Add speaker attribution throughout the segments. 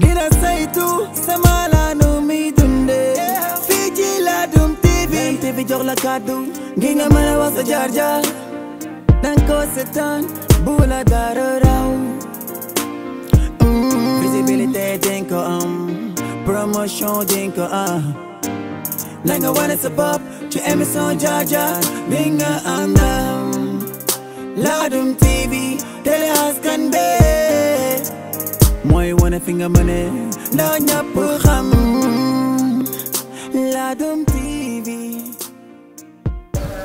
Speaker 1: dina saytu sama laanu mi dunde fii ci Ladoum TV TV jox la kàddu nga mën a wax sa jaar jaar danga ko raw mm. visibilité dinga am promotion dinga am nanga wane bi nga am ndam Ladoum TV télé askan mooy wane fi nga mëne ndax ñëpp xam Ladoum TV.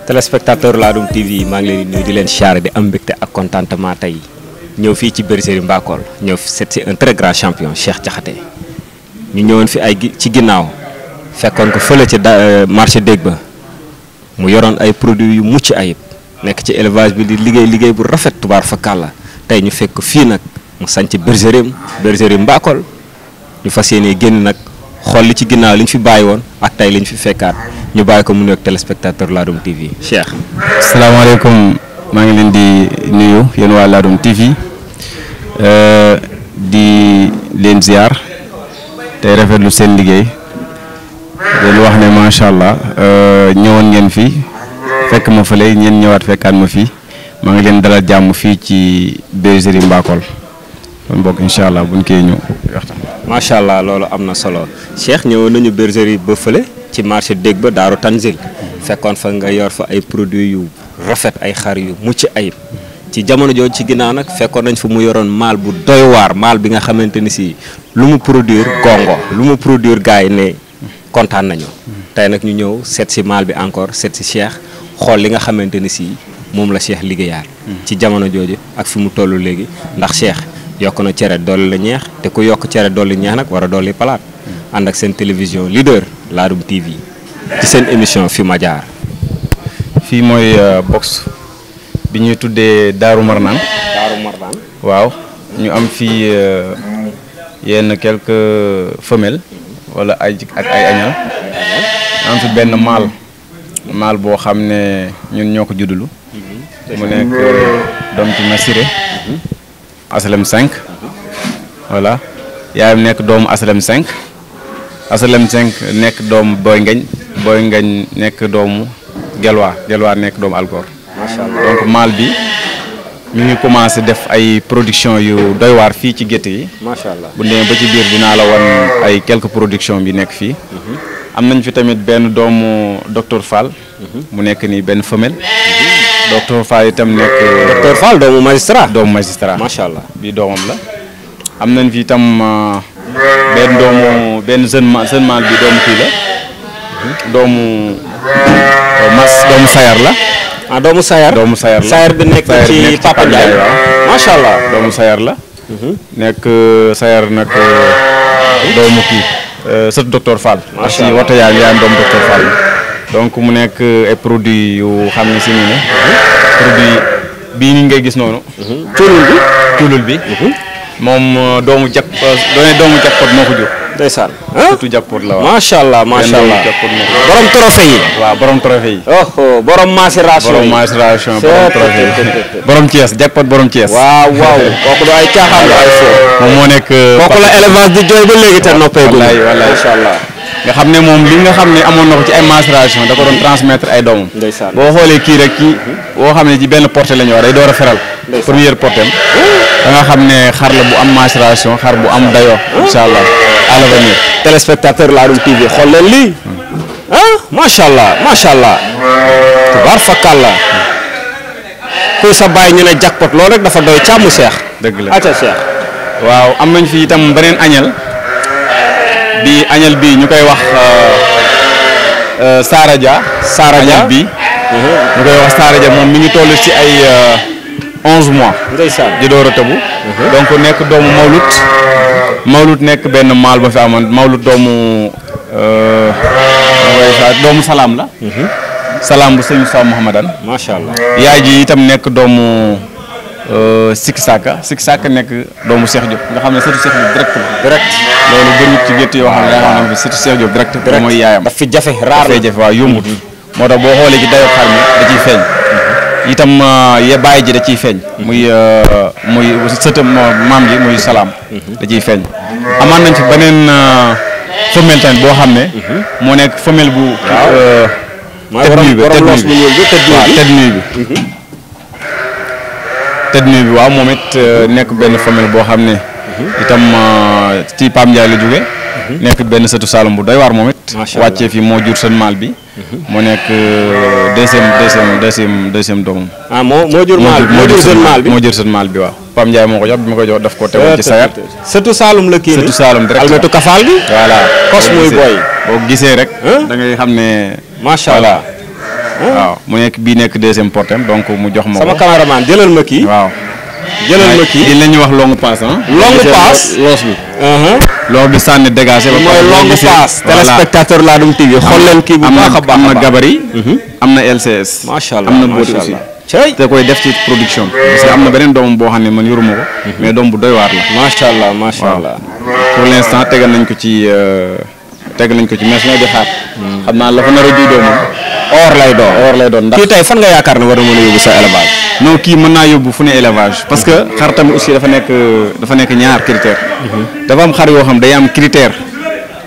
Speaker 2: téléspectateur Ladoum TV maa ngi leen di nuyu di leen charré di am mbégte ak contentement tey ñëw fii ci bergerie Mbakol ñëw seet si un très grand champion Cheikh Diakhaté ñu ñëwoon fi ay ci ginnaaw fekkoon ko fële ci euh, marché dégg ba mu yoroon ay produits yu mucc ayib nekk ci élevage bi di liggéey liggéey bu rafet tubaar fa kàlla tey ñu fekk fii nag. mu sanc bergerie bergerie mbaakool ñu fas yéene génn nag xool li ci ginnaaw li ñu fi bàyyi woon ak tey li ñu fi fekkaat ñu bàyyi ko mu nuyoog téléspectateur Ladoum TV Cheikh. salaamaaleykum maa ngi leen di nuyu yéen waa Ladoum TV euh, di leen ziar tey rafetlu seen liggéey leen wax ne macha allah euh, ñëwoon ngeen fi fekk ma fa fële ñeen ñëwaat fekkaat ma fii maa ngi leen dalal jàmm fii ci bergerie mbaakool kon boog allah buñ koy ñëw macha allah loolu am na solo Cheikh ñëwoon nañu bergerie ba fële ci marché dégg ba Daaru Tanzil fekkoon fa nga yor fa ay produits yu rafet ay xar yu mucc ayib ci jamono jooju ci ginnaaw nag fekkoon nañ fa mu yoroon maal bu doy waar maal bi nga xamante ni si lu mu produire gongo lu mu produire gars yi ne kontaan nañu. tey nag ñu ñëw seet si maal bi encore seet si Cheikh xool li nga xamante ni si moom la Cheikh liggéeyaat. Hmm. ci jamono jooju ak fi mu tollu léegi ndax Cheikh. yokk na cere dool la ñeex te ku yokk cere dolli ñeex nag war a dolli palaat ànd ak seen télévision leader Ladoum TV ci seen émission fi ma jaar. fii mooy euh, box bi ñuy tuddee Daaru Marnaan. Daaru waaw ñu am fii euh, yenn quelques femelles. wala ay ak ay añal. am benn maal. maal boo xam ne ñun ñoo ko juddulu mhm. mu nekk euh, doom ci Massiré. Mhm. aslem 5 voilà yaayam nekk doomu aslem cinq aslem 5 nekk doomu Boy Ngeñ Boy Ngeñ nekk doomu Gelwaa Gelwaa nekk doomu Algor. donc maal bi mu ngi commencé def ay production yu doy waar fii ci gétt yi. macha allah bu demee ba ci biir dinaa la war ay quelques production bi nekk fii. Mhm. am nañ fi tamit benn doomu docteur Fall. Mhm. mu nekk nii benn femelle. Mhm. docteur Fall itam nekk. docteur Fall doomu magistrat. doomu magistrat macha allah bi doomam la. am nañ fi itam ah, benn doomu benn jeune man bi doomu kii la. doomu euh, mas doomu sayar la. ah doomu sayar doomu sayar la sayar bi nekk ci Papa Ndiaye allah doomu sayar la. Mhm. nekk euh, sayar nag euh, doomu kii. sët docteur Fall. macha allah doomu docteur Fall. donc mu nekk euh, ay produits yu xam ne si nii produit bii ni ngay gis noonu. cuulul mhm. bi cuulul bi. Mhm. moom euh, doomu jak euh, doomu jakpot moo ko jur. ndeysaan surtout jakpot la waaw macha allah borom trophée yi. borom trophée yi. oh borom macération borom macération borom trophée waaw waaw
Speaker 1: kooku du ay
Speaker 2: moom moo nekk. kooku la élevage di jooy ba léegi te noppeegul. wallaay wallaay macha allah. nga xam ne moom li nga xam ne amoon na ko ci ay mensuration da ko doon transmettre ay doomam boo xoolee kii rek mhm. boo xam ne ci benn portée la ñu war day door a feral première portée da nga xam ne xar la bu am mensuration xar bu am dayoo incha allah à l'avenir téléspectateur Ladoum TV xool leen lii hmm. ah, macha allah macha allah tubaar fakkal sa bàyyi ñu ne jackpot loolu rek dafa doy càmm seex dëgg la aca seex waaw am nañ fi itam beneen añel di añal bi ñu koy wax euh, euh, Saara Dia. bi uh-huh. ñu koy wax Saara moom mi ngi toll ci ay euh, onze mois. ndeysaan di door a tëbu. Uh-huh. donc nekk doomu Mawlut.
Speaker 3: Uh-huh.
Speaker 2: Mawlut nekk benn maal ba fi amoon Mawlut doomu. doomu salaam la. salaam bu sëñ Moussa Mouhamadan. yaay ji itam nekk doomu. Euh, Sik Saka Sik Saka nekk doomu Cheikh Diop nga xam ne sëtu Cheikh Diop direct la. direct loolu bëriwut ci gétt yoo xam ne yaa ngi fi sëtu Cheikh Diop direct. direct mooy yaayam daf fi jafe raar daf fi jafe waaw yombut. Mm-hmm. moo tax boo xoolee ci dayoo xar mi da ciy feeñ. Mm-hmm. itam euh, ya bàyyi ji da ciy feeñ. Mm-hmm. muy euh, muy sëtam maam ji muy salaam. da ciy feeñ. amaan nañ fi beneen femelle tamit boo xam ne. moo nekk femelle bu. waaw mooy waroon waroon loos bu ñuul bi tëdd nuyu bi tëdd nuyu bi. tête nuyu bi waaw moom it euh, nekk benn famille boo xam ne. Mhm. itam euh, ci Pam Ndiaye la jóge mhm. nekk benn sëtu Saloum bu doy waar moom it. wàccee fii moo jur seen maal bi. moo mhm. nekk euh, deuxième deuxième deuxième deuxième doomam. ah moo moo jur maal bi moo jur seen maal bi seen maal bi waaw. Pam Ndiaye moo ko jox bi ma ko jox daf ko tegoon ci sayat. sëtu Saloum la kii nii sëtu Saloum direct almetu kafaal gi. voilà kos muy boy boo gisee rek. da ngay xam ne. macha allah waaw mu nekk bii nekk deuxième portem donc mu jox ma ko. sama caméraman jëlal ma kii. waaw jëlal ma kii dinañu wax longue passe ah. longue passe loos bi. Uh-huh. loolu di sànni dégagé. ba mooy longue passe. téléspectateur Ladoum TV xool leen kii bu baax a baax am na gabari. Uh-huh. am na LCS. macha allah am na booti aussi. te koy def ci production parce que am na beneen doomam boo xam ne man yoruma ko. Uh-huh. mais doom bu doy waar la. macha allah macha allah. pour l' instant tegal nañ ko ci. Euh, teg nañ ko ci mais ñoo di xaar. xam naa la fa nar a juddoo moom. or lay doon or lay doon ndax. kii tey fan nga yaakaar ne war na mën a yóbbu sa élevage. non kii mën naa yóbbu fu ne élevage. parce que xar tamit aussi dafa nekk dafa nekk ñaar critère. Mhm. dafa am xar yoo xam day am critère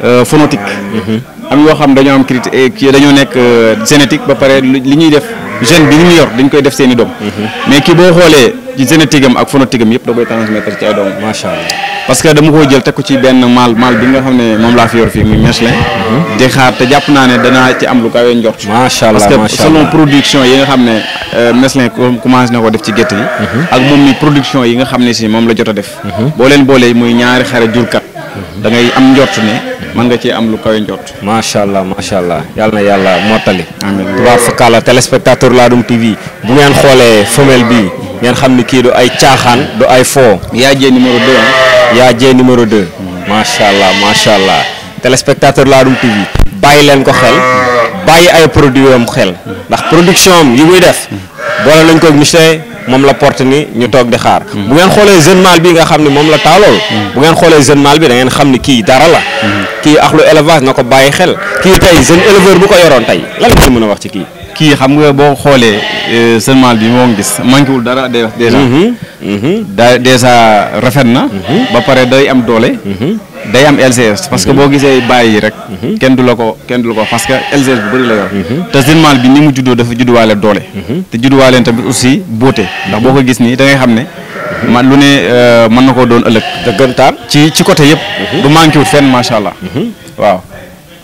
Speaker 2: euh, phonétique. Mhm. am yoo xam dañoo am critère eh, dañoo nekk euh, génétique ba pare li ñuy def gène bi li ñu yor dañ koy def seen i doom. Mhm. mais kii boo xoolee. ci génétique am ak phénotype am yëpp da koy transmettre ci ay doom parce que dama koo jël teg ko ci benn maal maal bi nga xam ne moom laa fi yor fii muy Michelin.
Speaker 3: Mhm.
Speaker 2: di xaar te jàpp naa ne danaa ci am lu kawe njort. macha allah parce que yi nga xam ne euh, Michelin commencé na def ci gétt yi. Mhm. production yi nga xam ne si moom la jot a def. Mhm. boo leen boolee muy ñaari xare jurkat da ngay am njort ne. mën nga ci am lu kawe njot macha allah macha allah yal na yàlla mottali. amiin tubaab fakkaala téléspectateur Ladoum TV bu ngeen xoolee femelle bi ngeen xam ni kii du ay caaxaan du ay foo. yaa jee numéro 2 yaa jee numéro 2. macha allah macha allah téléspectateur Ladoum TV bàyyi leen ko xel bàyyi ay produit am xel ndax production am yi muy def boole nañ ko mu monsieur moom la porte ni ñu toog di xaar. Mm. bu ngeen xoolee jeune mâle bi nga xam ni moom la taalool. Mm. bu ngeen xoolee jeune mâle bi da ngeen xam ni kii dara la. Mm. kii axlu élevage na ko bàyyi xel. kii tey jeune éleveur bu ko yoroon tey lan la mën a wax ci kii. kii xam nga boo xoolee euh, seen maal bi moo ngi gis manqué wul dara day wax mhm, mhm. daa dèjà rafet na. Mhm. ba pare day am doole. day am LCS parce que boo gisee bàyyi rek. kenn du la ko kenn du la ko parce que LCS bu bëri la yor. te Zilmal bi ni mu juddoo dafa judduwaale doole. te judduwaale tamit aussi boote ndax boo ko gis nii da ngay xam ne. man lu ne euh, mën na ko doon ëllëg. dëggantaan ci ci côté yëpp. du manqué wul fenn macha allah. waaw.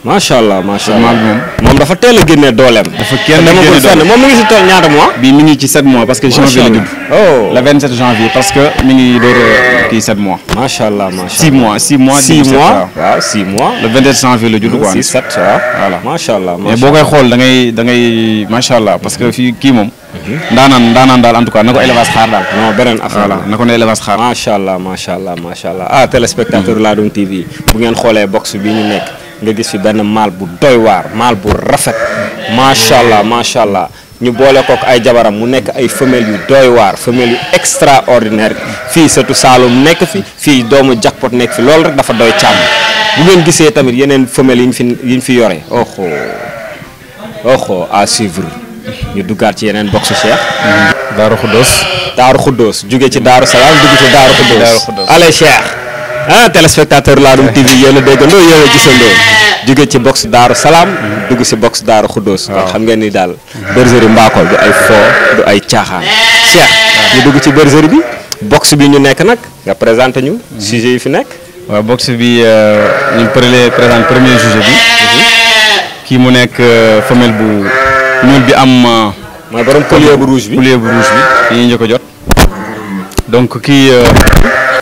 Speaker 2: macha allah macha allah moom dafa teel a génne dooleem. dafa kenn dama ko fenn moom
Speaker 3: mi ngi si tool ñaata mois.
Speaker 2: bii mi ngi ci 7 mois parce que janvier la judd. oh le 27 janvier parce que mi ngi door a kii 7 mois. macha allah macha allah 6 mois 6 mois. 6 mois waaw 6 ah, mois. le 27 janvier la judd quoi 6 7 waaw. voilà macha allah mais boo koy xool da ngay da ngay macha allah parce que fii kii moom. Mhm. ndaanaan ndaanaan daal en tout cas na ko élevage xaar daal. non beneen affaire la na ko ne élevage xaar. macha allah macha allah macha allah ah téléspectateur Ladoum TV bu ngeen xoolee box bi ñu nekk nga gis fi benn maal bu doy waar maal bu rafet macha allah macha allah ñu boole kook ay jabaram mu nekk ay femelles yu doy waar femelles yu extraordinaire fii surtout Saalum nekk fi fii doomu jackpot nekk fi loolu rek dafa doy càmm bu ngeen gisee tamit yeneen femelles yi ñu fi yi ñu yore oxo oxo à suivre ñu duggaat ci yeneen boxu Cheikh. Daaru Xuddoos. Daaru Xuddoos jóge ci Daaru Salaam dugg ci Daaru Xuddoos. Daaru Xuddoos ah téléspectateur Ladoum TV yéen a déggandoo yéen a gisandoo jóge ci box daaru salaam dugg si box daaru xuddoos kon xam ngeen ni daal bergerie Mbakol du ay fo du ay caaxaan Cheikh ñu dugg ci bergerie bi box bi ñu nekk nag nga présenté ñu sujet yi fi nekk waaw box bi euh, ñu pré présente premier sujet bi mhm. kii mu nekk euh, femelle bu ñuul bi am euh, mooy borom collier bu rouge bi collier bu njëkk jot donc kii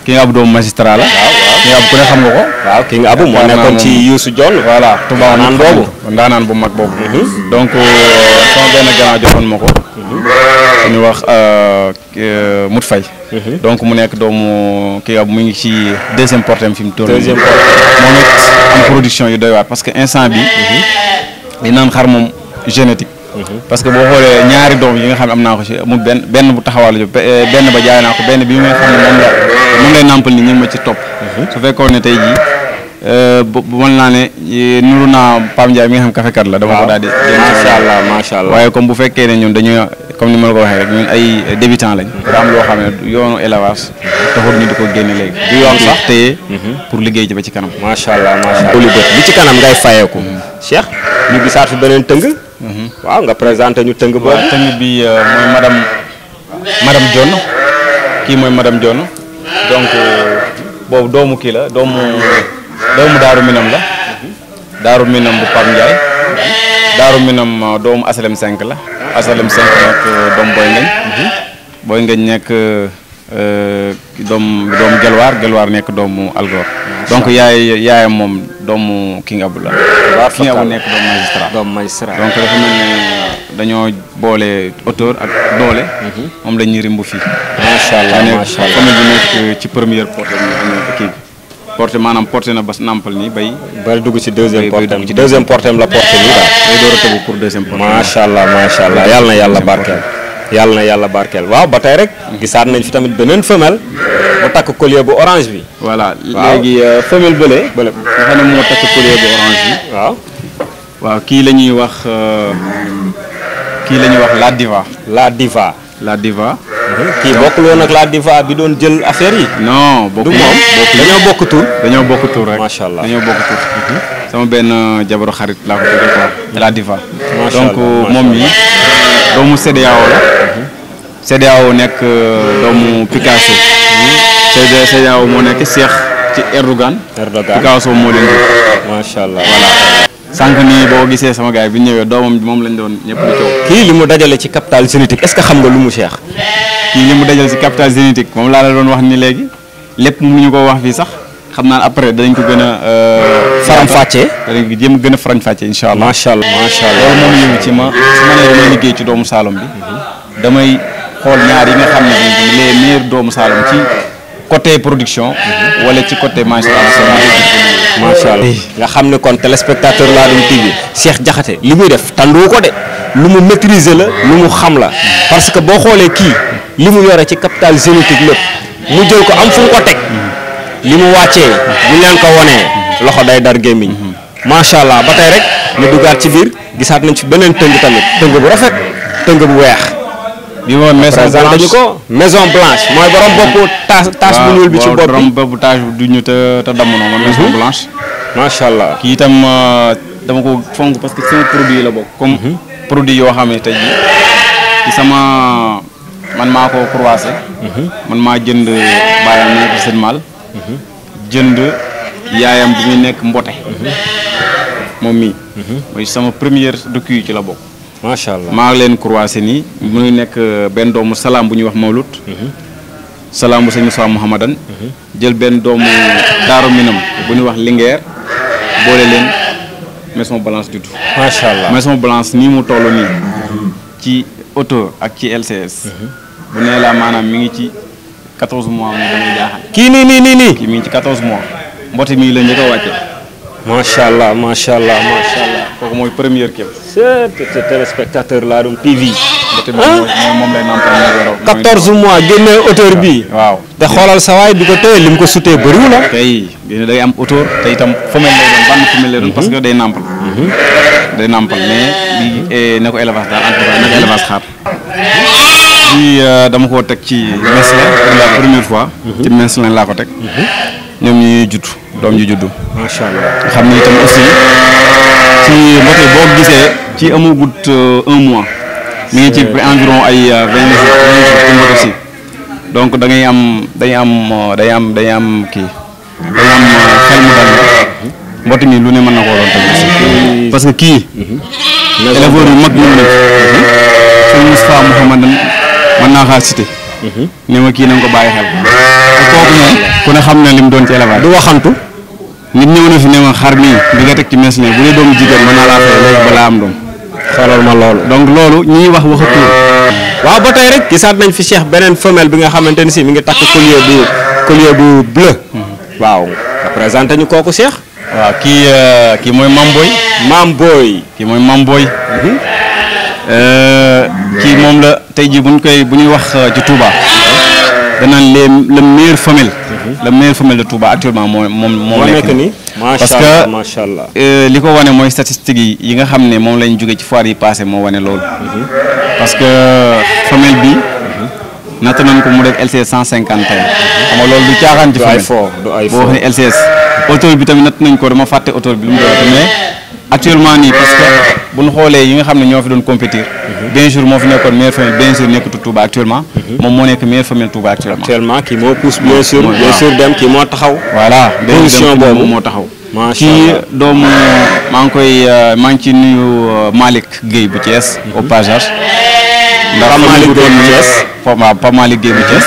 Speaker 2: ki nga ab doomu magistrat la. ki nga ab ku ne xam nga ko. waaw ki nga abu moo nekkoon ci Youssou Diol. voilà tubaab naan boobu ndaanaan bu mag boobu. Mhm. donc euh, sama benn grand joxoon ma ko. Mhm. ñu wax euh, euh, Mout Faye. Mhm. donc mu nekk doomu kii ab mu ngi ci deuxième portem fi mu toll. deuxième portem moom it am production yu doy waar parce que instant bi li naan xar moom génétique. parce que boo xoolee ñaari doom yi nga xam ne am naa ko ci mu benn benn bu taxawaalu job eh, benn ba jaay naa ko benn bi nga xam ne moom la moom lay nàmpal ni ñu ma ci topp mhm. su fekkoon ne tey jii Euh, mën naa ne nuru naa Pape Ndiaye mi nga xam kafekat la dama ko daal di macha allah macha allah waaye comme bu fekkee ne ñun dañu comme ni ma la ko waxee rek ay débutant lañ mm-hmm. loo xam ne yoonu élevage taxul ñu di ko génne léegi du yoon mm-hmm. sax téye mm-hmm. pour liggéey ji ba ci kanam macha allah macha allah lu bët li ci kanam ngay fayeeku Cheikh ñu gisaat fi beneen tëng waaw nga présenté ñu tëng ba tëng bi euh, mooy madame madame kii mooy madame Dione donc euh, boobu doomu kii la doomu doomu daaru minam la daaru minam bu Pape daaru minam uh, doomu asalem cinq la asalem 5 nag uh, uh, doom booy ngañ booy ngañ nekk doom doom gelwaar gelwaar nekk doomu algoor donc yaay yaayam moom doomu King Abdou la nekk doomu magistrat doomu donc dafa mel ni dañoo boole auteur ak doole mhm. moom la ñuy rimbu fii macha allah macha ci première porte porté maanaam porté na ba nàmpal nii bay. bay dugg ci deuxième portem deuxième portem la porté nii daal. day door a tëbu pour deuxième portem. macha allah macha allah yàlla na yàlla barkeel. yàlla na yàlla barkeel waaw ba tey rek. gisaat nañ fi tamit beneen femelle. bu takk collier bu orange bi. voilà léegi euh, femelle bële. bële nga xam ne moo takk collier bu orange bi. waaw. waaw kii la ñuy wax euh, kii lañuy wax la diva. la diva. la diva. kii bokkul woon ak la diva bi doon jël affaire yi. non bokkul moom dañoo bokk tur. dañoo bokk tur rek macha dañoo bokk tur. Mhm. sama benn euh, jabaru xarit laa ko tuddee quoi la diva. donc moom mi doomu CEDEAO la. Mhm. CEDEAO nekk euh, doomu Picasso. Mhm. CEDEAO moo nekk Cheikh ci Erdogan. Erdogan Picasso moo leen di. macha allah sànq nii boo gisee sama gars bi ñëwee doomam moom lañu doon ñëpp di coow. kii li mu dajale ci capital génétique est-ce que xam nga lu mu seex kii li mu dajale ci capital génétique moom laa la doon wax ni léegi lépp mu ñu ko wax fii sax xam naa après danañ ko gën a. Euh, faram fàccee danañ ko jéem a gën a faram fàccee incha allah. macha allah macha allah loolu ci ma su ma nee damay liggéey ci doomu Saloum bi. damay xool ñaar yi nga xam ne bii les meilleurs doomu Saloum ci côté production. Mhm. wala ci côté macha macha allah nga xam ne kon téléspectateur Ladoum TV Cheikh Diakhaté li muy def tàndu ko de lu mu maîtriser la lu mu xam la parce que boo xoolee kii li mu yore ci capital génétique lépp mu jël ko am fu mu ko teg li mu wàccee bu leen ko wanee loxo day dar gémmiñ macha allah ba tey rek ñu duggaat ci biir gisaat nañ ci beneen tëng tamit tëng bu rafet tëng bu weex. bi mooy maison blanche ko maison blanche eh. mooy borom bopp tache tache bu ñuul bi ci bopp bi borom bopp tache du ñu te te damm na maison mhm. blanche. macha allah kii itam euh, dama ko fonk parce que sama produit la bokk. comme mhm. produit yoo xam ne tey ci sama man maa ko croisé. Mhm. man maa jënd bàyyam nekk seen maal. jënd yaayam bi muy nekk mbote. moom mii. mooy sama première dëkk yi ci la bokk. macha allah maa leen croisé nii. mu ngi nekk euh, benn doomu salaam bu ñuy wax Mawlut. Mhm. salaam bu sëñ Moussa mhm. benn doomu Daaru Minam bu ñuy wax Linguère boole leen maison Blanche juddu. macha allah maison Blanche nii mu toll nii. ci auto ak ci LCS. Mhm. bu laa maanaam mi ngi ci 14 mois mu damay jaaxal. mi ngi ci 14 mois. mbote mii la njëkk a wàcce. allah macha allah macha allah. kooku mooy première kéem. c'est téléspectateur laa doon TV. moom lay naan mois génne auteur bi waaw te xoolal sa waay bi ko téye lim ko sutee bëriwul kay ah. day am auteur te itam femelle lay doon ban femelle lay parce que day nàmpal. Mhm. day nàmpal mais eh, ne ko élevage daal en ne ko élevage xaar. fii euh, dama koo teg ci Meslin pour mhm. laa ko teg. Mhm. ñoom ñuy judd. doom ju juddu. macha allah xam ni itam aussi ci mbote boo gisee ci amagut euh, un mois. mi ngi ci environ ay euh, vingt jours am day am euh, day am day am kii day am mbote mi lu ne mën na koo doon parce que kii. Mhm. éleveur yu mag ñun lañ. sëñ Moustapha Mouhamadan mën naa xaa cité. Mhm. ne kii na ko bàyyi xel. te kooku ne ku ne xam na lim doon ci élevage du waxantu. nit ñëw na fi ne ma xar mi bi nga teg ci mes ne bu dee doomu jigéen mën naa laa fay léegi balaa am doom. xoolal ma loolu. donc loolu ñuy wax waxatu. waaw ba tey rek ki gisaat nañ fi Cheikh beneen femelle bi nga xamante ni si mi ngi takk collier bu collier bu bleu. Mhm. waaw représenté ñu kooku Cheikh. waaw kii euh, kii mooy Mamboy. Mamboy. kii mooy Mamboy. Mhm. Euh, moom la tey jii buñ koy bu ñuy wax euh, ci Touba. danaan les le meilleur femelle. le meilleur femelle de Touba actuellement moom moom moo nekk nii parce que euh, li ko wane mooy statistiques yi yi nga xam ne moom lañ jóge ci foire yi passé moo wane loolu parce que femelle bi natt nañ ko mu def LCS 150 cinquante xam nga loolu du caaxaan ci femelle boo wax ne LCS auteur bi tamit natt nañ ko dama fàtte auteur bi lu mu doon mais actuellement nii parce que buñ xoolee yi nga xam ne ñoo fi doon compétir bien sûr moo fi nekkoon meilleure famille bien sûr nekkatu actuellement. Mhm. moom moo nekk meilleure famille Touba actuellement. actuellement moo pousse bien sûr. bien dem kii moo taxaw. voilà position boobu moo taxaw. maa ngi koy euh, maa ngi ci nuyu euh, Malick Guèye bu Thiès. Mhm. au passage. Mhm. ndax famille bu toll nii Pa Pa Malick Guèye bu Thiès.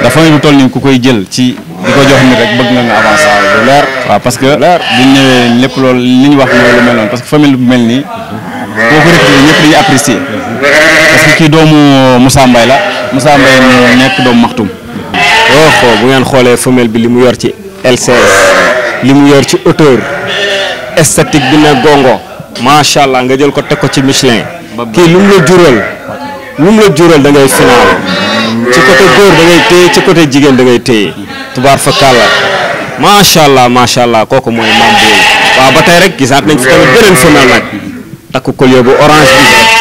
Speaker 2: ndax ku koy jël ci. di ko jox rek bëgg nga nga avancer ah, lu leer. waaw que bu ñu ñëwee loolu li ñu wax mooy lu mel noonu parce que famille bu mel nii. parce kii doomu Moussa mbay la Moussa Mbaye mu nekk doomu Maxtum. oh bu ngeen xoolee femelle bi li mu yor ci LCS li mu yor ci hauteur esthétique bi ne gongo macha allah nga jël ko teg ko ci Michelin.
Speaker 3: kii lu mu la jural
Speaker 2: lu mu la jural da ngay final ci côté góor da téye ci côté jigéen da ngay téye tubaar fa kàlla macha allah macha allah kooku mooy Mame Boye waaw ba tey rek gisaat nañ fi tamit beneen femelle nag takku collier bu orange bi.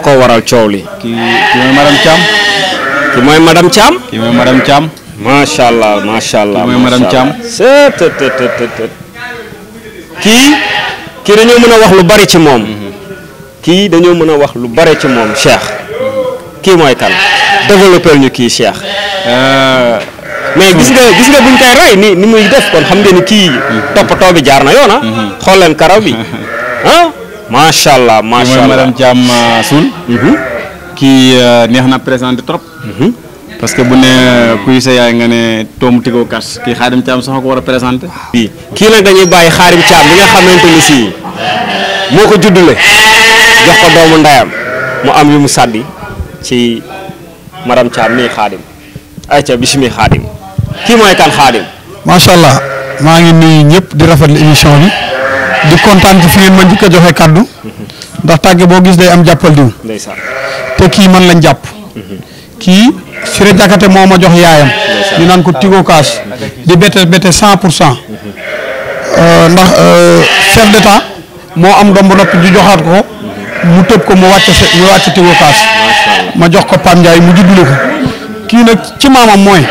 Speaker 2: kookoo waral coow li. kii kii mooy madame Thiam. kii mooy madame Thiam. kii mooy madame Thiam. macha allah macha allah. kii mooy madame Thiam. kii. dañoo mën a wax lu bari ci moom. Mhm. kii dañoo mën a wax lu bari ci moom Cheikh. kii mooy kan développé ñu kii Cheikh. Euh, mais gis nga gis nga buñ koy rey ni ni muy def kon xam nga ni kii. Mhm. toppatoo bi jaar na yoon ah. Mhm. xool leen karaw bi ah. macha allah macha allah mooy madame euh, mhm. euh, neex na présenté trop. Mhm. parce que bu ne euh, kuy sa yaay nga ne doomu Tigo Cash kii Xaadim Thiam sax ko war a dañuy bàyyi Xaadim Thiam bi nga xamante ni sii moo ko juddule jox ko doomu ndayam mu am yu mu sàddi ci madame Thiam mii Xaadim ayca
Speaker 3: maa ngi nuyu ñëpp di rafet rafetlu émission bi. di kontaan ci fi ma njëkk a joxe kàddu ndax tàgge boo gis day am jàppal diw te kii man lañ jàpp kii Siré Diakhaté moo ma jox yaayam ñu naan ko Tigo Cash di bette bette cent pour cent euh, ndax euh, de temps moo am ba noppi ju joxaat ko mu tëb ko mu wàcc mu wàcc Tigo Cash ma jox ko Pam Ndiaye mu juddule ko kii nag ci maamam mooy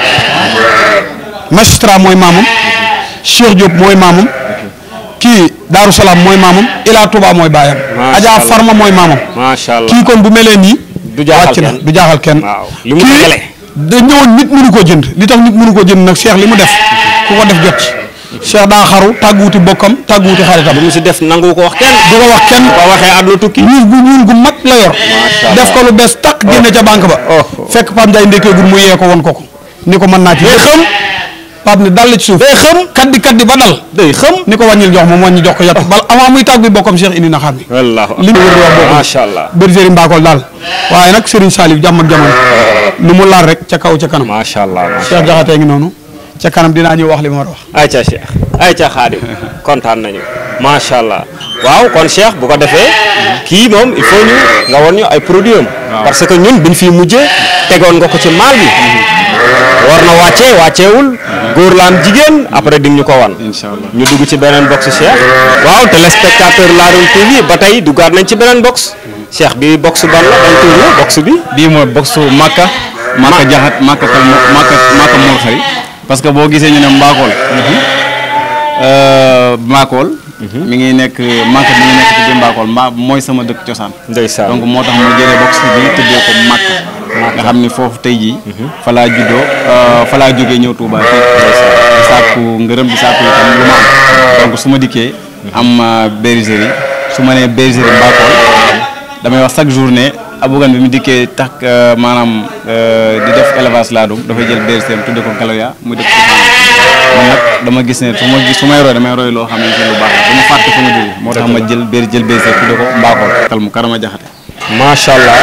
Speaker 3: magistrat mooy maamam Cheikh Diop mooy maamam kii Daaru Salaam mooy maamam Ila Touba mooy baayam. Adja Farma mooy maamam. macha allah kii kon bu melee nii. du jaaxal kenn wàcc du jaaxal kenn. li mu kii da ñëwoon nit mënu koo jënd li tax nit mënu koo jënd nag Cheikh li mu def ku ko def jot ci. Cheikh daa xaru tàgguwuti bokkam tàgguwuti xaritam. bu mu si def nangu ko wax kenn. du ko wax kenn. ba waxee àdduna tukki. ñuul gu mag la yor. def ko lu bees tàq génne ca banque ba. Oh. fekk Pape Ndiaye ndekkeegul mu yee ko won ko ko ni ko mën naa ci. xam paap ne dal la ci suuf day xam kaddi kaddi ba dal day xam ni ko wàññil jox moom wàññi jox ko yat oh. bala avant muy tàggu bokkam Cheikh indi na xam ni li mu macha allah bergerie Mbakol daal waaye nag Serigne Saliou jàmm ak jamono ah. lu mu laal rek ca kaw ca kanam macha allah Cheikh Jaxate ngi noonu ca kanam dinaa ñëw wax li ma war a wax ay ca Cheikh ay ca
Speaker 2: Xaadim kontaan nañu macha allah waaw kon Cheikh bu ko defee kii moom il faut ñu nga woon ñu ay produit am parce que ñun ñu fi mujje tegoon nga ko ci maal bi war na wàcce wàcceewul góor la am jigéen après di ñu ko wan. ñu dugg ci beneen box Cheikh. waaw téléspectateur Ladoum TV ba tey duggaat nañ ci beneen box. Cheikh bi box ban la ban tur box bi. bii mooy boxu Makka. Makka jaxat Makka kal Makka parce que boo gisee ñu ne Mbaakool. Mbaakool. Mhm. Euh, mhm. mi ngi nekk Makka mi ngi nekk ci Mbaakool mbaa mooy sama dëkk cosaan. ndeysaan donc moo tax mu jëlee box bi tuddee ko Makka. nga xam ne foofu tey jii falaa laa juddoo euh, fa laa jógee ñëw Touba ngërëm bi sàkku itam lu ma am donc su ma dikkee am euh, bergerie su ma nee bergerie Mbakol damay wax chaque journée abogan bi mu dikkee tax euh, maanaam di def élevage laadum dafay jël bergerie am tudde ko Galoya mu def man nag dama gis ne su ma gis su may roy damay roy loo xam ne lu baax la dama fàtte fu ma jógee moo tax ma jël ber jël bergerie tudde ko Mbakol kal mu karama jaxate macha allah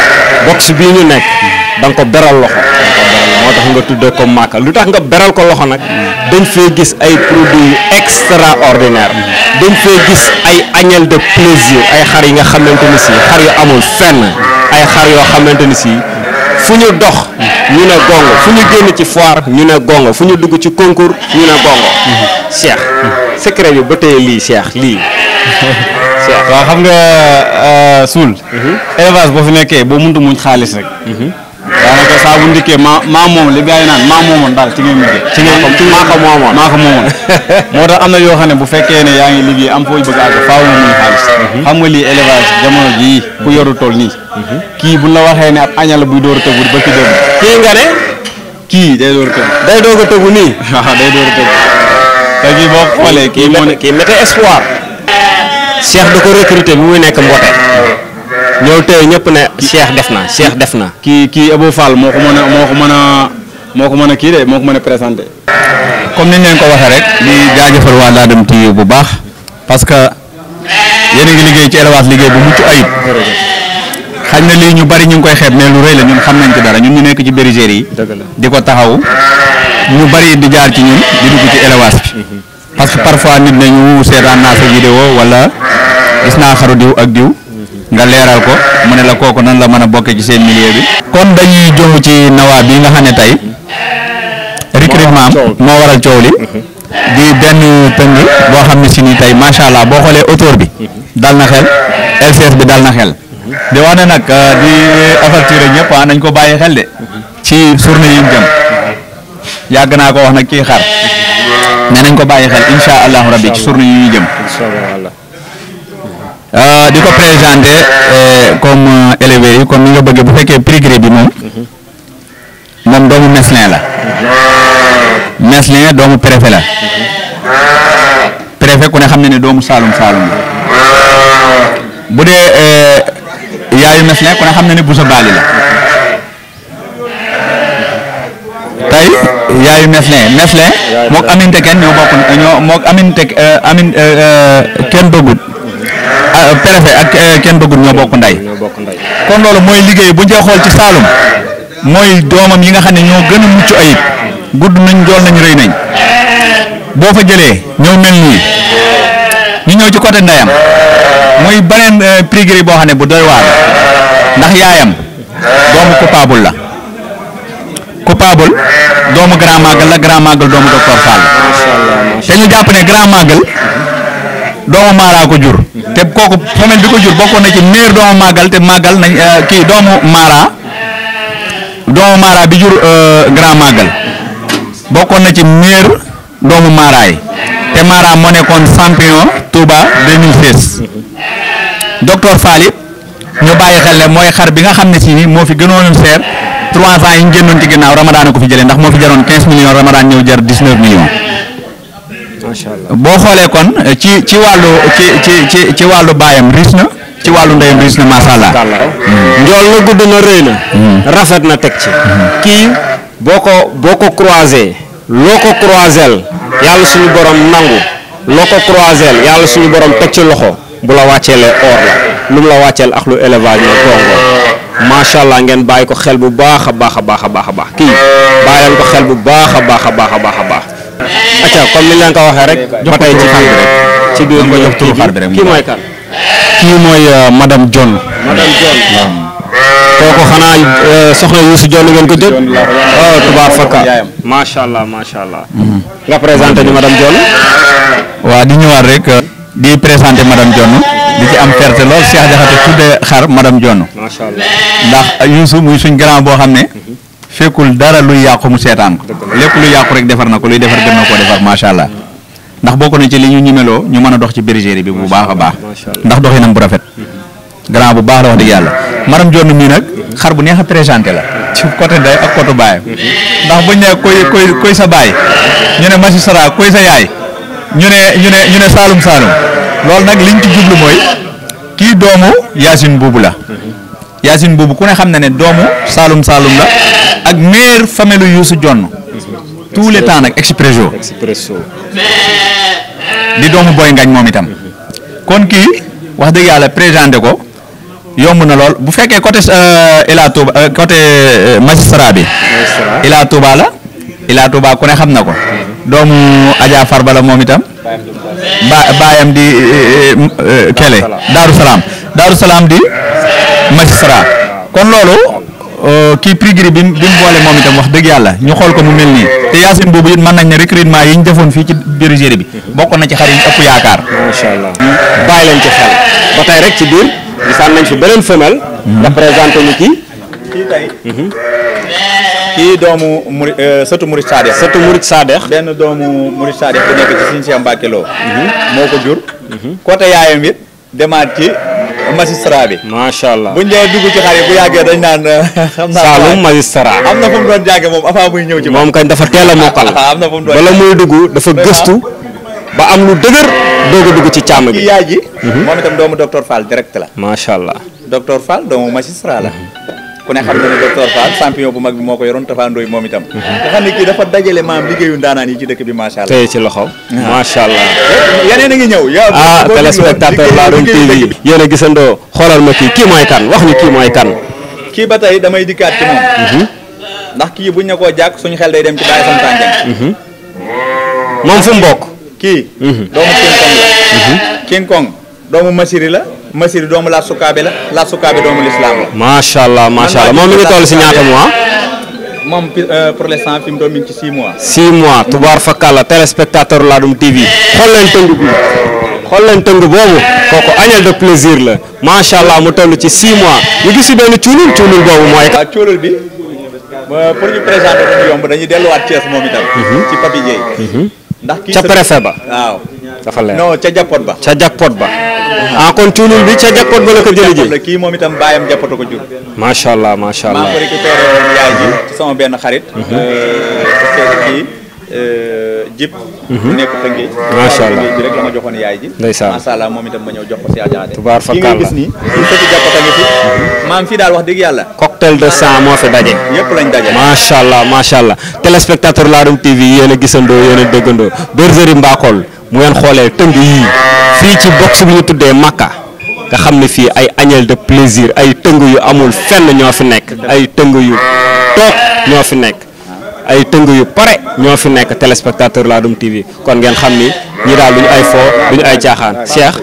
Speaker 2: box bi ñu nekk da nga ko beral loxo moo tax nga tuddee ko màkka lu tax nga beral ko loxo nag dañ fee gis ay produits extraordinaire dañ fee gis ay agnelle de plaisir ay xar yi nga xamante ni si xar yu amul fenn ay xar yoo xamante ni si fu ñu dox ñu ne gongo fu ñu génn ci foire ñu ne gongo fu ñu dugg ci concours ñu ne gongo Cheikh secret bi ba tey lii Cheikh lii waaw xam nga euh, suul. Mhm. élevage boo fi nekkee boo mënut muñ xaalis rek. Mhm. daanaka saa bu ndikkee maa maa moom li gars yi naan maa moomoon daal ci ngay mujjee. ci ngay ko moomoon maa ko moomoon. moo tax am na yoo xam ne bu fekkee ne yaa ngi liggéey am fooy bëgg a àgg faaw nga xaalis. Mhm. xam nga lii élevage jamono jii ku yoru tool nii. kii buñ la waxee ne ab añala buy door a tëggu ba ci dem. kii nga ne. kii day door a day doog a tëggu nii. day door a te kii cheikh da ko recruter bi muy nekk mbote ñëw tey ñëpp ne cheikh def na cheikh def na kii kii Abou Fall moo ko mën a moo ko mën a moo ko mën a kii de moo ko mën a présenté
Speaker 1: comme niñ leen ko waxee rek di jaajëfal waa Ladoum TV bu baax parce que yéen a ngi liggéey ci élevage liggéey bu mucc ayib xañ na lii ñu bari ñu ngi koy xeeb ne lu rëy la ñun xam nañ ci dara ñun ñu nekk ci bergerie yi di ko taxaw ñu bari di jaar ci ñun di dugg ci élevage bi parce que parfois nit nañu seetaan naa sa vidéo wala gis naa xaru diw ak diw nga leeral ko mu ne la kooku nan la mën a bokkee ci seen milieu bi. kon dañuy jëm ci nawaa bi nga xam ne tey recrutement moo waral coow li di benn tëng boo xam ne si ni tey macha allah boo xoolee auteur bi dal na xel LCS bi dal na xel. di wax ne nag euh, di avertir ñëpp ah nañ ko bàyyi xel de ci journée yi jëm yàgg naa ko wax nag kii xar. nee nañ ko bàyyi xel incha allahu rabbi ci surnu yu ñu jëm. Euh, di ko présenté euh, comme euh, éleveur yi comme ni nga bëggee bu fekkee prigré gris bi moom. moom doomu Meslin la. Meslin doomu préfet la. préfet ku ne xam ne ne doomu Saalum Saalum la. bu dee yaayu Meslin ku ne xam ne ne Boussa Bali la. taxawaayu Meflin Meflin moog aminte kenn ñoo bokk ñoo moog aminte euh, amin euh, euh, kenn bëggut ah, préfet ak kenn bëggut ñoo bokk nday kon loolu mooy liggéey bu njee ci Saalum mooy doomam yi nga xam ne ñoo gën a mucc ayib gudd nañ jool nañu rëy nañ boo fa jëlee ñoo mel nii ñu ñëw ci côté ndeyam muy beneen prigri boo xam ne bu doy waar ndax yaayam doomu coupable la coupable doomu grand magal la grand magal doomu docteur Fall te ñu jàpp ne grand magal doomu Mara ko jur te kooku femelle bi ko jur bokkoon na ci meilleur doomu magal te magal nañ euh, kii doomu Mara doomu bi jur euh, grand magal bokkoon na ci meilleur doomu Mara yi te Mara moo nekkoon champion tuuba 2016 docteur Fall it ñu bàyyi xel ne mooy xar bi nga xam ne si nii moo fi gënoon seer. trois ans yi ñu génnoon ci ginnaaw Ramadan ko fi jëlee ndax moo fi jaroon quinze millions Ramadan ñëw jar dix neuf millions. boo xoolee kon euh, ci ci wàllu ci ci ci ci wàllu baayam riis na ci wàllu ndeyam riis na macha allah.
Speaker 2: Hmm. njool na gudd na rëy na. Hmm. rafet na teg ci. Hmm. kii boo ko boo ko croisé loo ko croisel yàlla suñu borom nangu loo ko croisel yàlla suñu borom teg ci loxo bu la wàcceelee or la lu mu la wàcceel ak lu élevage la gongo macha allah ngeen bàyyi ko xel bu baax a baax a baax a baax a baax kii bàyyi leen ko xel bu baax a baax a baax a baax a baax. acca comme ni leen ko waxee rek. ba tey ci xar bi rek ci biir ko jox bi rek kii mooy kan. kii mooy euh, madame John. madame John waaw. kooku xanaa euh, soxna Youssou John ngeen ko jot. oh tubaab fakka macha allah macha allah. Mm-hmm. nga présenté ñu madame John. waa di
Speaker 1: ñëwaat rek. Euh, di présenter madame Dionne di ci am fierté lool Cheikh Diakhaté tuddee xar madame Dionne macha allah ndax Youssou suñ grand boo xam ne fekkul dara luy yàqu mu seetaan ko lépp lu yàqu rek defar na ko luy defar gën na koo defar macha allah ndax bokk na ci li ñu ñimeloo ñu mën a dox ci bergerie bi bu baax a baax ndax doxinam bu rafet grand bu baax la wax dëgg yàlla madame Dionne nii nag xar bu neex a présenté la ci côté ndey ak côté baay ndax buñ ne koy koy koy sa baay ñu ne Massi Sara koy sa yaay ñu ne ñu ne ñu ne Saalum Saalum loolu nag li liñ ci jublu mooy kii doomu Yacine Boubou la Yacine Boubou ku ne xam na ne doomu Saalum Saalum la ak mère famille Youssou Dione tous les temps nag Expresso di doomu booy Ngañ moom itam kon kii wax dëgg yàlla présenté ko yomb na lool bu fekkee côté euh, Ila Touba euh, côté euh, magistrat bi Ila Touba la Ila Touba ku ne xam na ko doomu Adja far bala moom itam ba baayam di eh, eh, eh, kele Daaru Salaam Daaru Salaam di magistrat kon loolu kii prix bi bi mu boole moom itam wax dëgg yàlla ñu xool ko mu mel nii te Yacine boobu it man nañ ne recrutement yi ñu defoon fii ci biir bergerie bi bokkoon na ci xar yi ëpp
Speaker 2: yaakaar. macha allah bàyyi leen ci xel ba rek ci biir gisaan nañ fi beneen femelle.
Speaker 3: représenté hmm. ñu
Speaker 1: kii.
Speaker 2: kii doomu muri
Speaker 1: euh, sëtu Mouride Sadex. sëtu Mouride Sadex. benn doomu Mouride Sadex bu nekk ci suñu Cheikh Mbacke Lo. Mhm. moo ko jur. Mhm. côté yaayam it demaat ci magistrat bi. macha allah buñ dee dugg ci xar yi bu yàggee dañ naan. Euh,
Speaker 3: xam Saalum magistrat. am
Speaker 1: na fu mu doon jàngee moom avant muy ñëw ci moom. moom kañ dafa teel a mokkal. na fu mu doon bala muy dugg dafa gëstu. ba am
Speaker 3: lu dëgër doog dugg ci càmm bi. yaay ji. Mhm.
Speaker 1: moom itam doomu docteur Fall direct la. macha allah. docteur Fall doomu magistrat la. ku ne xam ne ne docteur eh. Fall bu mag bi moo ko yoroon Tafa Ndoye moom itam nga xam ne kii dafa dajale maam liggéeyu ndaanaan yi ci dëkk bi macha allah tey
Speaker 2: ci loxo ah. macha allah eh,
Speaker 1: yeneen a ngi ñëw yow ah téléspectateur Ladoum TV
Speaker 2: yéen a gisandoo xoolal ma kii kii mooy kan wax ñu kii mooy kan
Speaker 1: kii ba tey damay dikkaat ki moom mhm. ndax kii buñ ne koo jàkk suñu xel day dem ci Baye Sam Tandiang mhm. moom fu mu bokk kii mhm. doomu King Kong la King Kong doomu Masiri la Massiré doomu la Laat la.
Speaker 2: macha allah macha allah moom mi ngi toll si ñaata mois.
Speaker 1: moom pour euh, l'instant fi mu doon mi ngi ci 6 mois.
Speaker 2: 6 mois tubaar fakalla téléspectateur Ladoum TV xool leen tëng bi xool leen tëng boobu kooku añal de plaisir la macha allah mu toll ci 6 mois ñu gis si benn cuulul cuulul boobu mooy. waaw
Speaker 1: cuulul bi dañuy delluwaat Thiès moom mhm. mhm. ndax ca préfet ba. waaw dafa leer
Speaker 2: ca jàppoot ba. ca jàppoot ba. ah kon cuulul bi ca jàppoot ba ko jëlee ji
Speaker 1: kii moom itam bàyyam jàppatu ko jur
Speaker 2: macha allah macha allah
Speaker 1: benn xarit mhm. euh, parce que kii euh, jib mhm. moom itam ma ñëw jox ko si ajaate tubaar fakal la gis nii mhm. maam fii daal wax dëgg yàlla
Speaker 2: cocktail de sang moo fi daje yëpp lañ daje macha allah macha allah téléspectateur TV yéen a gisandoo yéen a déggandoo bergerie Mbakol mu ngeen xoolee tëng yii fii ci box bu ñu tuddee Makka nga xam ne fii ay agnelle de plaisir ay tëng yu amul fenn ñoo fi nekk ay tëng yu toog ñoo fi nekk ay tëng yu pare ñoo fi nekk téléspectateur Ladoum TV kon ngeen xam ni ñi daal duñu ay foo duñu ay caaxaan Cheikh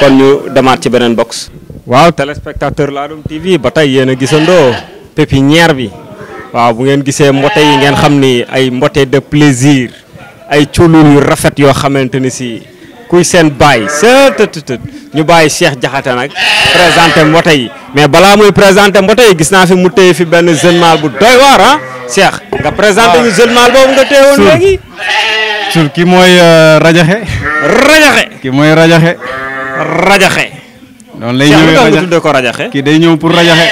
Speaker 2: kon ñu demaat ci beneen box. waaw téléspectateur Ladoum TV ba tey yéen a gisandoo pépinière bi waaw bu ngeen gisee mbote yi ngeen xam ni ay mbote de plaisir. ay culul yu rafet yoo xamante ni si kuy seen bàyyi seetatëtët ñu bàyyi Cheikh Diakhaté nag présenté mbote yi mais balaa muy présenté mbote yi gis naa fi mu téye fi benn jeune mâle bu doy waar ah Cheikh nga présenté ñu jeune mâle boobu nga téye woon sur ki mooy rajaxe euh, rajaxe ki mooy rajaxe rajaxe noonu lay ñëwee rajaxe ko rajaxe kii day ñëw pour rajaxe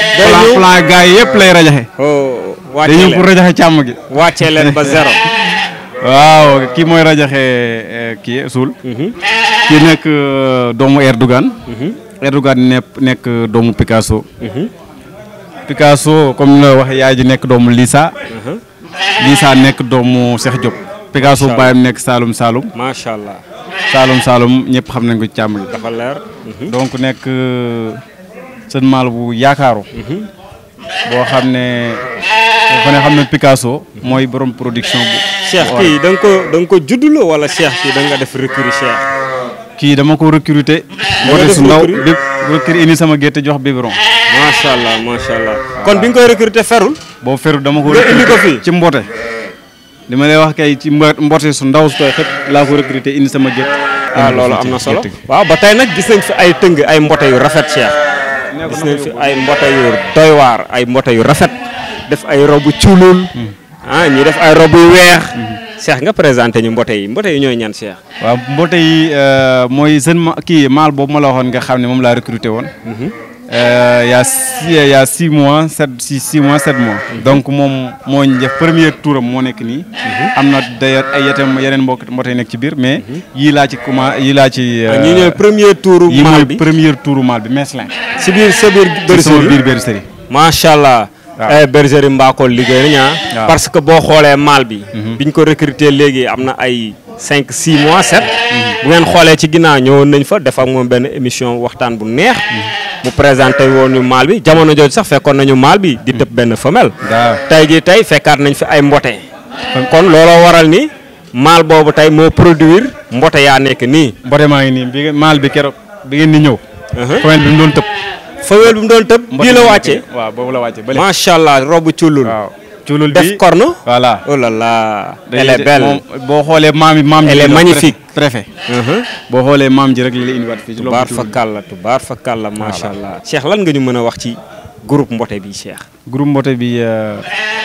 Speaker 2: plan gars yëpp lay rajaxe oh, day ñëw pour rajaxe càmm gi wàccee leen ba zéro waaw kii mooy rajaxe eh, kii suul. Mhm. kii nekk eh, doomu Erdogan. Mhm. Erdogan nekk doomu Picasso. Mhm. Picasso comme ni la waxee yaay ji nekk doomu Lissa. Lissa nekk doomu Cheikh Diop. Picasso baayam nekk Saalum Saalum. macha allah Saalum Saalum ñëpp xam nañ ko càmm dafa leer. donc nekk eh, seen maal bu yaakaaru. boo xam ne. ku ne xam ne Picasso mooy borom production bi Cheikh kii da ko da nga ko juddloo wala Cheikh kii da nga def recruter Cheikh. kii dama ko recruter. da su ndaw bépp recruter indi sama gerte jox biberon. macha allah macha allah kon bi nga koy recruter ferul. boo ferul dama ko. nga ci mbote. li ma lay wax kay ci mbote su ndaw su koy xëpp laa ko recruter indi sama gerte. waaw ah, loolu am na solo waaw ba tey nag gis nañ fi ay tëng ay mbote yu rafet Cheikh. gis nañ fi ay mbote yu doy waar ay mbote yu rafet. def ay robu culul hmm. ah ñi def ay robu weex hmm. Cheikh nga présenté ñu mbote yi mbote yi ñooy ñan Cheikh waaw mbote yi euh, mooy seen kii maal boobu ma la waxoon nga xam ne moom laa recruté woon mhm. euh, yaa yaa six mois sept six six mois set mois mhm. donc moom moo ñu def premier touram moo nekk nii mhm. am na d'ailleurs ay yetam yeneen mbokk mboote yi nekk ci biir mais yii laa ci comment yii laa ci ah, ñi euh, ñooy premier touru maal bi premier touru maal bi Meslin si biir sa biir bergerie macha allah waaw eh, bergerie Mbakol liggéey nañ ah. parce que boo xoolee maal bi. Mhm. biñ ko recruter léegi am na ay cinq six mois sept. Mhm. bu ngeen xoolee ci ginnaaw ñëwoon nañ fa def ak benn émission waxtaan bu neex. Mhm. mu présenté woon ñu maal bi jamono jooju sax fekkoon nañu maal bi. di tëb benn femelle. tay tey jii tey fekkaat nañ fi ay mbote. kon looloo waral ni maal boobu tey moo produire mbote yaa nekk nii. mbote maa ngi nii bi maal bi keroog bi ngeen di ñëw. Uh-huh. femelle bi mu doon fa wéel bi mu doon tëb. bii la wàccee waaw boobu la wàccee macha allah robu cullul. waaw cullul bi def corne. voilà oh là là. elle est boo xoolee maam yi maam ji. elle est magnifique préfet. Uh-huh. boo xoolee maam ji rek li la indiwaat fii. ci loolu tubaar fa kàlla tubaar fa kàlla macha allah. Cheikh lan nga ñu mën a wax ci groupe mbote bi Cheikh. groupe bi euh,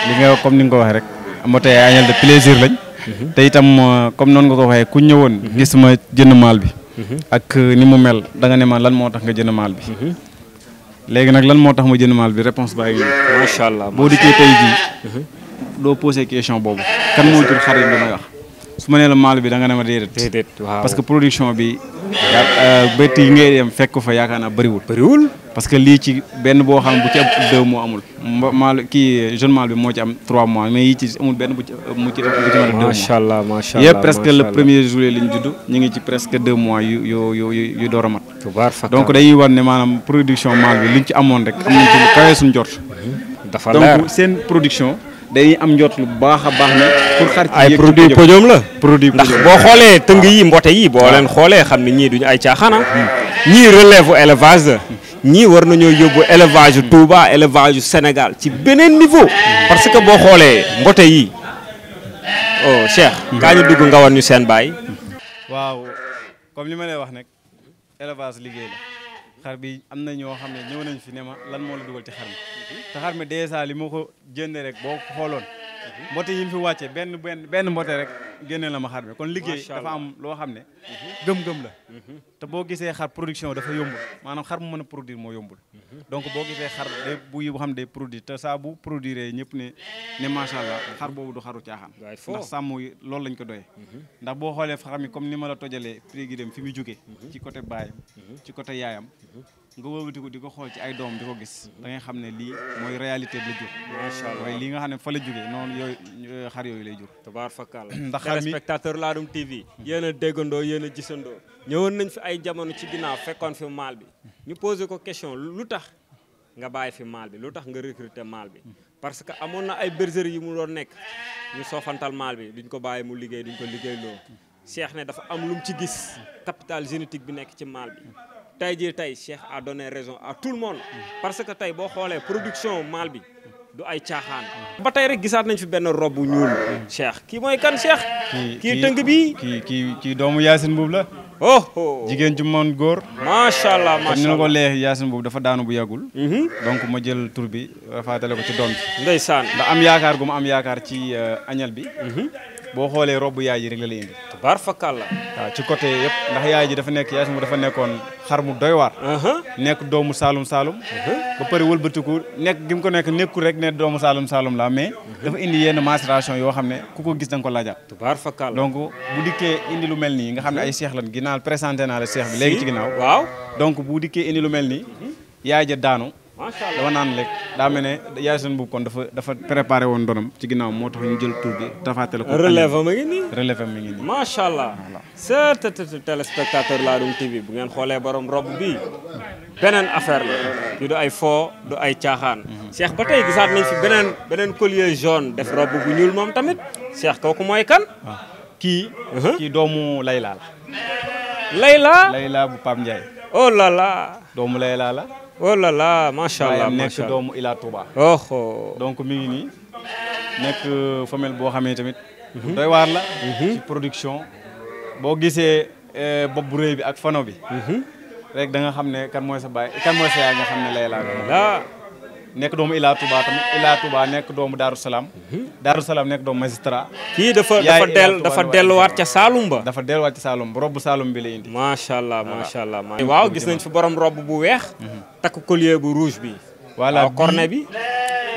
Speaker 2: li nga comme ni nga ko waxee rek. mbote ay añal de plaisir uh-huh. te itam euh, comme noonu nga ko waxee ku ñëwoon. Uh-huh. gis ma jënd maal bi. ak euh, ni mu mel danga ne ma lan moo tax nga jënd maal bi. léegi nag lan moo tax ma jënd maal bi réponse baay ngi nii. macha allah boo dikkee tey
Speaker 3: jii.
Speaker 2: doo posé question boobu. kan moo jur xar yi nga su ma nee la maal bi da nga ne ma déedéet. déedéet waaw parce que production bi Euh, bët yi ngay dem fekk fa yaakaar naa bëriwul. bëriwul parce que lii ci benn boo xam bu ci ëpp deux mois amul. mal kii jeune bi moo ci am trois mois mais yi ci amul benn bu mu ci ëpp bu ci mën a deux mois. macha allah macha allah presque le premier juillet lañ judd. ñu ngi ci presque deux mois yu yu yu yu door a mat. donc dañuy war ne maanaam production mal bi liñ ci amoon rek am nañ ci lu kawe donc seen production. dañuy am njort lu baax a baax na pour xar ci ay produit podium la produit ndax boo xoolee tëng yi mbote yi boo leen xoolee xam ne ñii duñu ay caaxaana ah. ñii relève u élevage la ñii war nañoo yóbbu élevage yu Touba élevage yu Sénégal ci beneen niveau parce que boo xoolee mbote yi
Speaker 3: oh Cheikh kaa ñu dugg nga ñu seen baay waaw
Speaker 2: comme li ma lay wax nag élevage liggéey la xar bi am na ñoo xam ne ñëw nañ fi ne ma lan moo la dugal ci xar mi te xar mi dèjà li moo ko jënd rek boo xooloon mbote yi mu fi wàcce benn benn benn mbote rek génne la ma xar bi kon liggéey dafa am loo xam ne mhm. gëm-gëm la mhm. te boo gisee xar production dafa yombul maanaam xar mu mën a produit moo yombul mhm. donc boo gisee xar day bu boo xam ne day produire te saabu bu produire ñëpp ne ne macha allah xar boobu du xaru caaxaan ndax sàmm loolu lañ ko doye ndax boo xoolee xar mi comme ni ma la tojalee prix dem fi mu jógee ci côté baayam ci côté yaayam nga ko di ko xool ci ay doom di ko gis da ngay xam ne lii mooy réalité bi la jur. macha lii nga xam ne fa la jógee noonu yooyu euh, xar yooyu lay jur. tubaar fakkaal ndax xar mi spectateur Ladoum TV. yéen déggandoo yéen a gisandoo. ñëwoon nañ fi ay jamono ci ginnaaw fekkoon fi maal bi ñu posé ko question lu tax nga bàyyi fi maal bi lu tax nga recruter maal bi. parce que amoon na ay bergerie yi mu doon nekk ñu soofantal maal bi duñ ko bàyyi mu liggéey duñ ko liggéey loo. Cheikh ne dafa am lu ci gis capital génétique bi nekk ci maal tey jii tey Cheikh a donné raison à tout le monde parce que tey boo xoolee production mal bi du ay caaxaan. ba tey rek gisaat nañ fi benn rob bu ñuul. Cheikh kii mooy kan Cheikh. kii kii tënk bii kii kii doomu yaasin boobu la. Oh, oh jigéen ju moon góor. macha allah macha allah ni ma ko lee Yacine boobu dafa daanu bu yàggul. Mhm. donc ma jël tur bi rafaatale ko ci doom bi. am yaakaar gu ma am yaakaar ci euh, añal bi. Mhm. boo xoolee robu yaay ji rek la lay indi. tubaar fakkaal la. waaw ci côté yëpp ndax yaay ji dafa nekk yaay sama dafa nekkoon xar mu doy waar. Uh-huh. nekk doomu Saalum Saalum. Uh-huh. ba pare wëlbatiku nekk gi mu ko nekk nekkul rek ne doomu Saalum Saalum la mais. Uh-huh. dafa indi yenn macération yoo xam ne ku ko gis da ko laajaat. tubaar fakkaal donc bu dikkee indi lu mel nii nga xam ne ay seex lan ginnaaw présenté naa la seex bi léegi ci ginnaaw. donc bu dikkee indi lu mel nii. yaay ja daanu. macha allah naan lekk daa mel ne Yacine Mboup kon dafa dafa préparé woon donam ci ginnaaw moo tax ñu jël tur bi tafaatale ko. relève am mi ngi nii relève am mi ngi nii. macha allah TV bu ngeen xoolee borom rob bi beneen affaire la du ay foo du ay caaxaan. seex mhm. ba tey gisaat nañ fi beneen beneen collier jaune def rob bu ñuul moom tamit Cheikh kooku mooy kan. Ah. kii. kii uh-huh. doomu Layla la. Layla Layla bu Pape Ndiaye. oh là là. doomu Layla la. oh là là macha allah nekk doomu Ila Touba. oh donc mi ngi nii nekk euh, femelle boo xamee tamit. Mhm. doy waar la. Mhm. ci production boo gisee euh, bopp bu rëy bi ak fano bi. Mhm. rek da nga xam ne kan mooy sa baay kan mooy sa yaay nga xam ne lay laa. nekk doomu Ila Touba tamit Ila Touba nekk doomu Darou Salaam. Darou Salaam nekk doomu magistrat. kii dafa dafa del dafa delluwaat ca Saalum ba. dafa delluwaat ca Saalum robu Saalum bi la indi. macha allah macha allah. waaw gis nañ fi borom rob bu weex. Mhm. takk collier bu rouge bi. voilà cornet bi.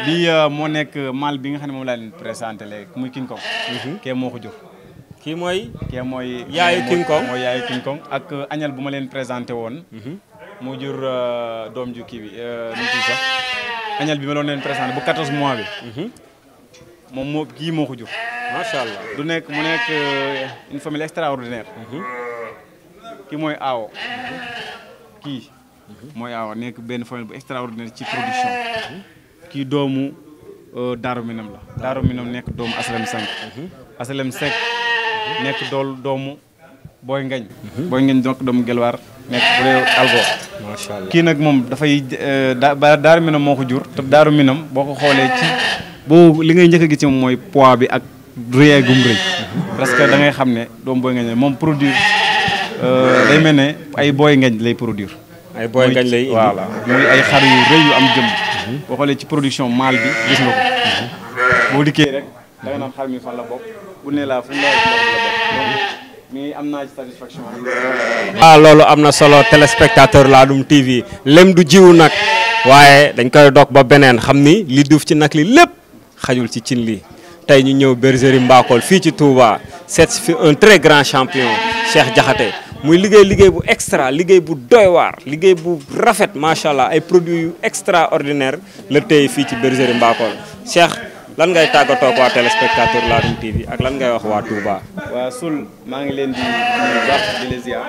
Speaker 2: bi euh, moo nekk mal bi nga xam ne moom laa leen présenté léegi muy King Kong. Mhm. kee moo ko jur. kii mooy. kee mooy. yaayu King Kong mooy yaayu King Kong ak euh, añal bu ma leen présenté woon. mu mhm. jur euh, doom ju kii bi nu sax. añal bi ma doon leen présenté bu 14 mois bi. Mhm. moom moo kii moo ko jur. macha allah lu nekk mu nekk euh, une famille extraordinaire. Mhm. Mhm. kii mooy aawo. kii mooy aawo nekk benn famille bu extraordinaire ci production. kii doomu euh, Darou Minam la. Darou Minam nekk doomu Asalem Seck. Asalem Seck nekk dool doomu. booy ngañ booy ngañ donc doomu gelwaar nekk bu réew kii nag moom dafay eh, daa daaru minam moo ko jur te daaru minam boo ko xoolee ci boo li ngay njëkk gis ci moom mooy poids bi ak rëy gum rëy parce que da ngay xam ne doom booy ngañ moom produire euh, day mel ne ay booy ngañ lay produire ay booy ngañ lay voilà ay xar yu rëy yu am jëm mhm. boo xoolee ci production mâle bi gis nga ko mhm. boo dikkee rek mais am naa ah, loolu am na solo téléspectateur Ladoum TV lem du jiwu nag waaye dañ koy dog ba beneen xam ni li duuf ci nag li lépp xajul ci cin li tey ñu ñëw bergerie Mbakol fii ci Touba seet fi un très grand champion Cheikh Diakhaté muy liggéey liggéey bu extra liggéey bu doy waar liggéey bu rafet macha allah ay produits yu extraordinaire la tey fii ci bergerie Mbakol Cheikh. lan ngay tàggatoo ak waa laa Ladoum TV ak lan ngay wax waa Touba. waa sul maa ngi leen di nuyu baax di la ziar.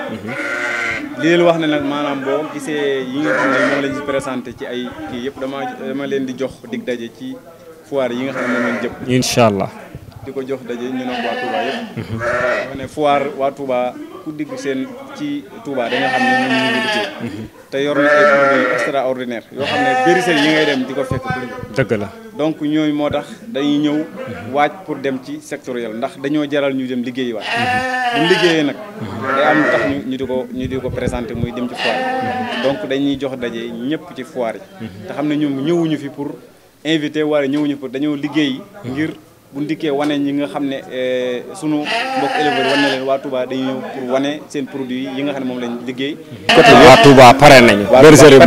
Speaker 2: li leen wax ne nag maanaam boo gisee yi nga xam ne moom lañ ci ay yëpp dama dama leen di jox dig daje ci foire yi nga xam ne moom lañ allah. di ko jox daje ñu nag waa Touba yëpp. wax waa Touba ku digg seen ci Touba da xam ne ñoom ñu ngi liggéey. te yor na ay produits extraordinaire yoo xam ne bérisel yi ngay dem di ko fekk. dëgg la. donc ñooñu moo tax dañuy ñëw waaj pour dem ci sectoriel ndax dañoo jaral ñu dem liggéey waat buñ liggéeyee nag day am tax ñu di ko ñu di ko présenté muy dem ci foire donc dañuy jox daje ñëpp ci foire yi te xam ne ñoom ñëwuñu fi pour invité wala ñëwuñu pour dañoo liggéey ngir bu ndikkee wane ñi nga xam ne eh, sunu mbokk éleveur wane leen waa tubaa dañuy ñëw pour wane seen produit yi nga xam ne moom lañu liggéey. côté waa Touba pare nañu. waa Touba bergerie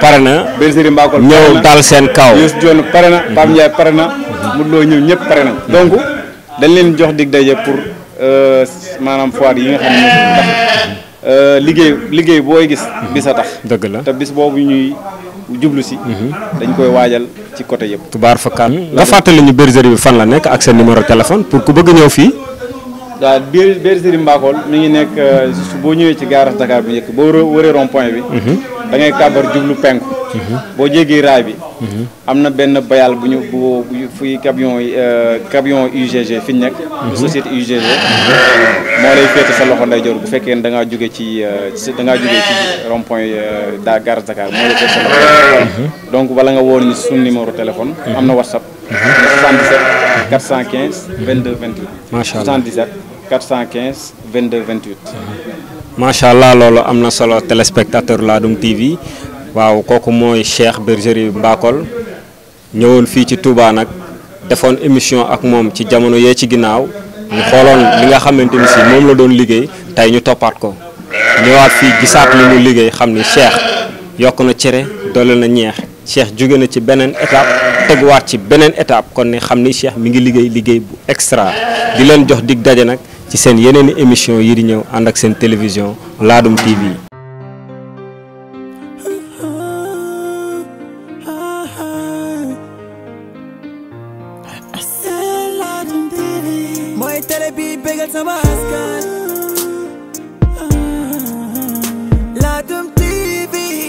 Speaker 2: pare na. bergerie Mbakol pare ñëw dal seen kaw. Youssou Dione pare na Pape Ndiaye pare na. Mhm. Modou Lo ñëw ñëpp pare nañ. donc dañ leen jox dig daje pour euh, maanaam foire yi nga xam ne euh, liggéey liggéey booy gis. Mhm. bis a tax. te bis boobu ñuy jublu si. Mhm. dañ koy waajal. ci côté yëpp. tubaar fakkaan nga fàttali ñu bergerie bi fan la nekk ak seen numéro téléphone pour ku bëgg ñëw fii. waaw biir bergerie Mbakol mi ngi nekk euh, boo ñëwee ci garage Dakar bi njëkk boo wëree rond point bi. Mhm. da ngay kàbbar jublu penku. boo jéggee raay bi. am na benn bayal bu ñu bu fuy camion yi euh, camion UGG fi ñu nekk. Mhm. société UGG. moo lay féete sa loxo ndeyjoor bu fekkee ne da ngaa euh, ci da ngaa jóge ci rond point euh, da gare Dakar moo lay féete sa loxo. Mhm. donc wala nga woon ni suñu numéro téléphone. Mhm. am na WhatsApp. 77 415 22 28. macha allah 77 415 vingt 28. macha allah loolu am na solo téléspectateur Ladoum TV waaw kooku mooy Cheikh Bergerie Mbakol ñëwoon fii ci Touba nag defoon émission ak moom ci jamono yee ci ginnaaw ñu xooloon li nga xamante ni si moom la doon liggéey tey ñu toppaat ko ñëwaat fii gisaat li mu liggéey xam ni Cheikh yokk na cere dolli na ñeex Cheikh jóge na ci beneen étape teguwaat ci beneen étape kon ne xam ni Cheikh mi ngi liggéey liggéey bu extra di leen jox dig daje nag. ci seen yeneen i émission yi di ñëw ànd ak seen télévision Ladoum TV